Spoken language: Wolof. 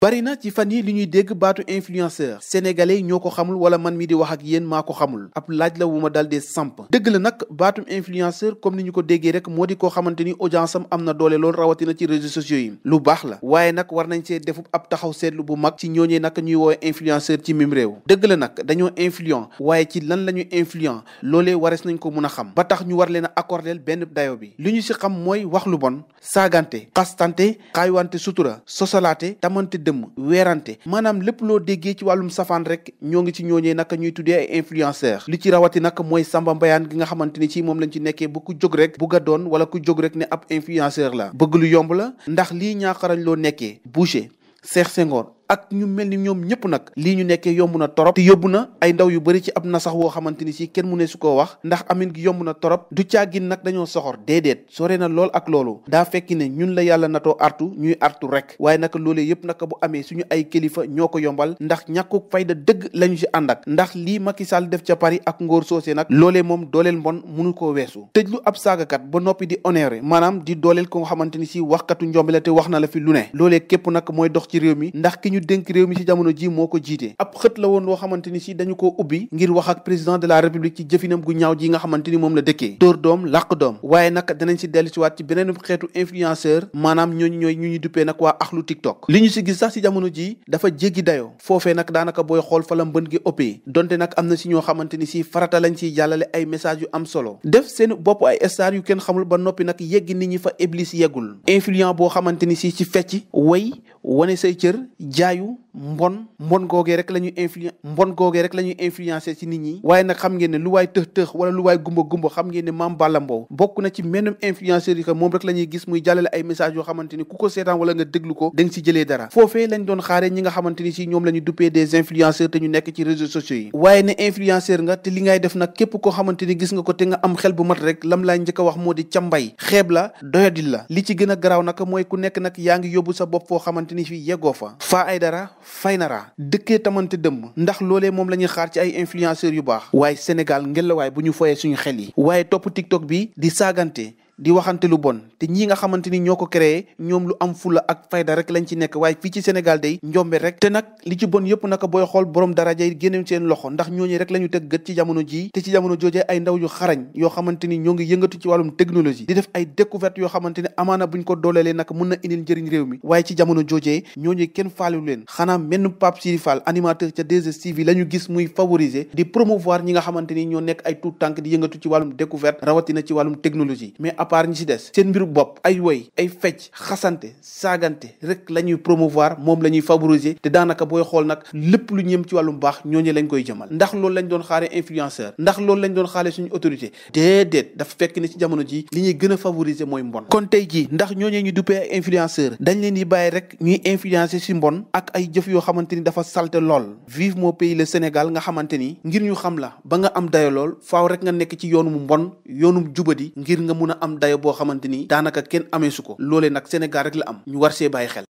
bari na ci fan yi li ñuy dégg baatu influenceur sénégalais ñoo ko xamul wala man mi di wax ak yéen maa ko xamul ab laaj la wu ma dal dee samp dëgg la nag baatum influenceur comme ni ñu ko déggee rek moo di koo xamante ni audience am am na doole lool rawatina ci réseaux sociaux yi lu baax la waaye nag war nañ see defub ab taxaw seetlu bu mag ci ñooñee nag ñuy woowee influenceur ci mim réew dëgg la nag dañoo influent waaye ci lan la ñu influent loolee warees nañ ko mun a xam ba tax ñu war leen a accordeel benn dayo bi li ñu si xam mooy wax lu bon saagante xastante xaayuwante sutura sosalaate tamante dëmm weerante maanaam lépp loo déggee ci wàllum safaan rek ñoo ngi ci ñooñee naka ñuy tuddee ay li ci rawati nag mooy Samba Mbayaan gi nga xamante ni ci moom lañ ci nekkee bu ku jóg rek bugg a doon wala ku jóg rek ne ab influenceur la bëgg lu yomb la ndax lii ñaaxarañ loo nekkee Boucher Cheikh Senghor ak ñu mel ni ñoom ñëpp nag lii ñu nekkee yomb na trop te yóbbu na ay ndaw yu bëri ci ab nasax woo xamante ni si kenn mu ne su koo wax ndax amin gi yomb na trop du caagin nag dañoo soxor déedéet sore na lool ak loolu daa fekki ne ñun la yàlla natoo artu ñuy artu rek waaye naka loolee yëpp naka bu amee suñu ay kilifa ñoo ko yombal ndax ñàkkuk fayda dëgg lañu ci ànd ak ndax lii Macky Sall def ca Paris ak ngóor soosé nag loolee moom dooleel mbon mënu koo weesu tëj lu ab saagakat ba noppi di honoré maanaam di dooleel ko nga xamante ni si waxkatu njombe la te wax na la fi lu ne loolee képp nag mooy dox ci réew mi ndax ki ñu ñu dénk réew mi ci jamono ji moo ko jiite ab xët la woon loo xamante ni si ni moom la dëkkee dóor doom làq doom def seen bopp ay star yu kenn xamul ba noppi nag yegg nit ñi fa iblis yeggul influent boo xamante si ci fecc way wane say cër jaayu mbon mbon googee rek la ñuy influen mbon googee rek la ñuy influencé ci nit ñi waaye nag xam ngeen ne lu waay tëx tëx wala lu waay gumba gumba xam ngeen ne maam Balla Mbow bokk na ci mennum influenceur yi que moom rek la ñuy gis muy jàllale ay message yoo xamante ni ku ko seetaan wala nga déglu ko da nga si jëlee dara foofee lañ doon xaare ñi nga xamante ni si ñoom la ñu duppee des influenceurs te ñu nekk ci réseaux sociaux yi waaye ne influenceur nga li ngay def nag képp koo xamante ni gis nga ko te nga am xel bu mat rek lam laay njëkk a wax moo di cambay xeeb la doyadil la li ci gën a garaaw nag mooy ku nekk nag yaa ngi yóbbu sa bopp foo xamante ni fii yeggoo fa faa ay dara faynara dëkkee tamante dëmm ndax loole moom la ñuy xaar ci ay influenceurs yu baax waaye Sénégal ngelawaay bu ñu foyee suñu xel yi waaye topp TikTok bi di saagante di waxante lu bon te ñii nga xamante ni ñoo ko créé ñoom lu am fula ak fayda rek lañ ci nekk waaye fii ci Sénégal day njombe rek te nag li ci bon yëpp naka booy xool borom daraja yi génnew seen loxo ndax ñooñu rek la ñu teg ci jamono jii te ci jamono joojee ay ndaw yu xarañ yoo xamante ni ñoo ngi yëngatu ci wàllum technologie di def ay découverte yoo xamante ni amaana buñ ko dooleelee na indil njëriñ réew mi waaye ci jamono joojee ñooñu kenn faaliwu leen xanaa menn Pape Siri Fall animateur ca 2STV la ñu gis muy favoriser di promouvoir ñi nga xamante ni ñoo nekk ay tout tànk di yëngatu ci wàllum découverte rawatina ci wàllum technologie mais part ñi ci des seen mbiru bopp ay woy ay fecc xasante saagante rek la ñuy promouvoir moom la ñuy favoriser te daanaka booy xool nag lépp lu ñëm ci wàllum baax ñooñu lañ koy jëmal ndax loolu lañ doon xaare influenceur ndax loolu lañ doon xaare suñu autorité déedéet dafa fekk ni ci jamono ji li ñuy gën a favoriser mooy mbon kon tey jii ndax ñooñee ñu duppee ay influenceur dañ leen di bàyyi rek ñuy influencer ci mbon ak ay jëf yoo xamante ni dafa salte lool vive mon pays le Sénégal nga xamante ni ngir ñu xam la ba nga am dayo lool faaw rek nga nekk ci yoonum mbon am dayo boo xamante ni daanaka kenn amee su ko loolee nag Sénégal rek la am ñu war see bàyyi xel